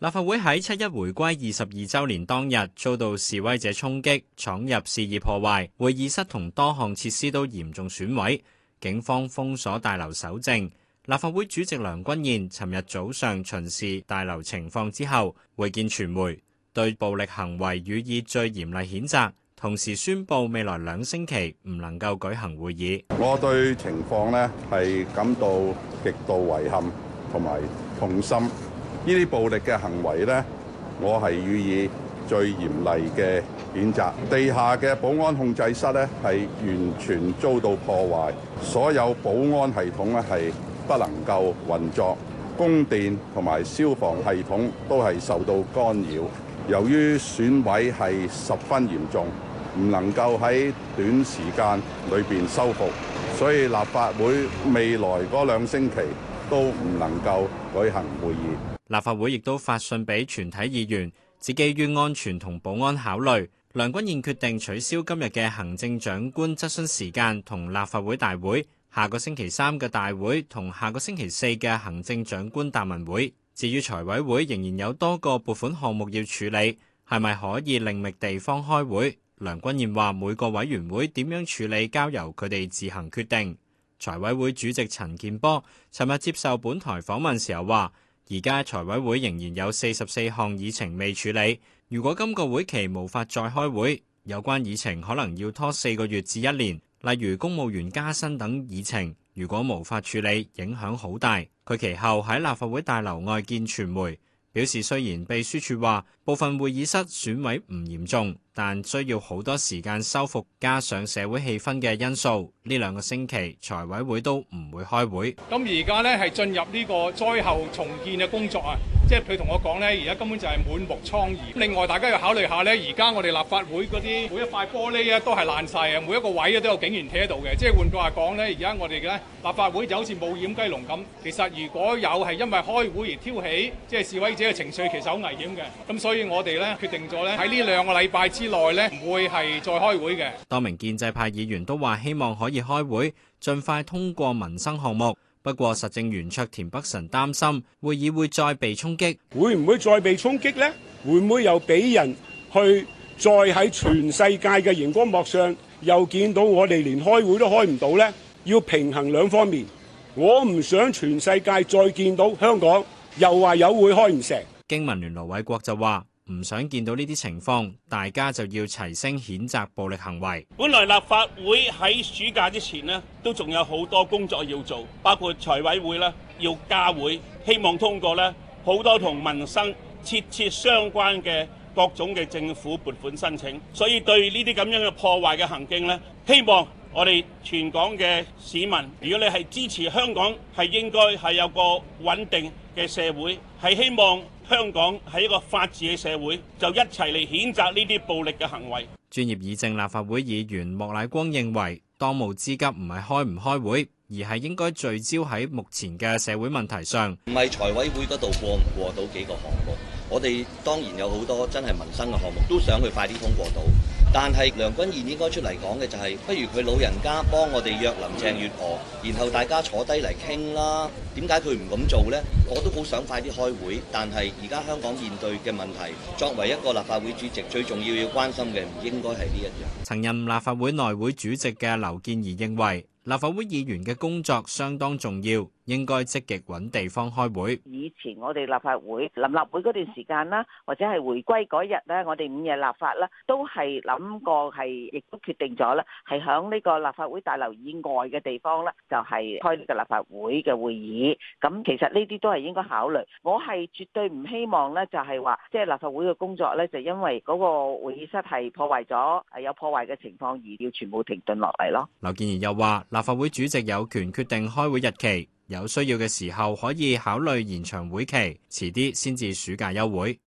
立法會喺七一回歸二十二周年當日遭到示威者衝擊，闖入肆意破壞，會議室同多項設施都嚴重損毀，警方封鎖大樓搜證。立法會主席梁君彥尋日早上巡視大樓情況之後，會見傳媒，對暴力行為予以最嚴厲譴責，同時宣布未來兩星期唔能夠舉行會議。我對情況呢係感到極度遺憾同埋痛心。呢啲暴力嘅行為呢，我係予以最嚴厲嘅譴責。地下嘅保安控制室呢，係完全遭到破壞，所有保安系統呢，係不能夠運作，供電同埋消防系統都係受到干擾，由於損毀係十分嚴重，唔能夠喺短時間裏邊修復，所以立法會未來嗰兩星期都唔能夠舉行會議。立法會亦都發信俾全體議員，自己於安全同保安考慮，梁君彥決定取消今日嘅行政長官質詢時間同立法會大會。下個星期三嘅大會同下個星期四嘅行政長官答問會。至於財委會仍然有多個撥款項目要處理，係咪可以另覓地方開會？梁君彥話每個委員會點樣處理，交由佢哋自行決定。財委會主席陳健波尋日接受本台訪問時候話。而家財委會仍然有四十四項議程未處理，如果今個會期無法再開會，有關議程可能要拖四個月至一年。例如公務員加薪等議程，如果無法處理，影響好大。佢其後喺立法會大樓外見傳媒，表示雖然秘書處話部分會議室損毀唔嚴重。但需要好多時間修復，加上社會氣氛嘅因素，呢兩個星期財委會都唔會開會。咁而家咧係進入呢個災後重建嘅工作啊，即係佢同我講咧，而家根本就係滿目瘡痍。另外，大家要考慮下咧，而家我哋立法會嗰啲每一塊玻璃啊都係爛晒啊，每一個位啊都有警員企喺度嘅。即係換句話講咧，而家我哋嘅立法會就好似冒煙雞籠咁。其實如果有係因為開會而挑起，即係示威者嘅情緒，其實好危險嘅。咁所以我哋咧決定咗咧喺呢兩個禮拜，之內呢，會係再開會嘅。多名建制派議員都話希望可以開會，盡快通過民生項目。不過，實政圓桌田北辰擔心會議會再被衝擊，會唔會再被衝擊呢？會唔會又俾人去再喺全世界嘅熒光幕上又見到我哋連開會都開唔到呢？要平衡兩方面，我唔想全世界再見到香港又話有會開唔成。經民聯盧偉國就話。唔想見到呢啲情況，大家就要齊聲譴責暴力行為。本來立法會喺暑假之前呢，都仲有好多工作要做，包括財委會咧要加會，希望通過咧好多同民生切切相關嘅各種嘅政府撥款申請。所以對呢啲咁樣嘅破壞嘅行徑呢，希望我哋全港嘅市民，如果你係支持香港，係應該係有個穩定嘅社會，係希望。香港係一個法治嘅社會，就一齊嚟譴責呢啲暴力嘅行為。專業議政立法會議員莫乃光認為，當務之急唔係開唔開會，而係應該聚焦喺目前嘅社會問題上，唔係財委會嗰度過唔過到幾個項目。我哋當然有好多真係民生嘅項目，都想去快啲通過到。但係梁君彥應該出嚟講嘅就係，不如佢老人家幫我哋約林鄭月娥，然後大家坐低嚟傾啦。點解佢唔咁做呢？我都好想快啲開會，但係而家香港面對嘅問題，作為一個立法會主席，最重要要關心嘅唔應該係呢一樣。曾任立法會內會主席嘅劉健儀認為，立法會議員嘅工作相當重要。應該積極揾地方開會。有需要嘅時候可以考慮延長會期，遲啲先至暑假休會。